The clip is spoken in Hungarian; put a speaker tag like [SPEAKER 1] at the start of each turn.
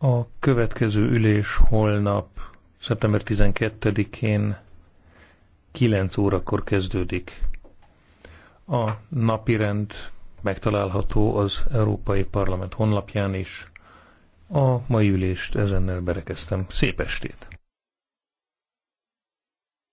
[SPEAKER 1] A
[SPEAKER 2] következő ülés holnap, szeptember 12-én 9 órakor kezdődik. A napirend megtalálható az Európai Parlament honlapján is. A mai ülést ezennel berekeztem. Szép estét!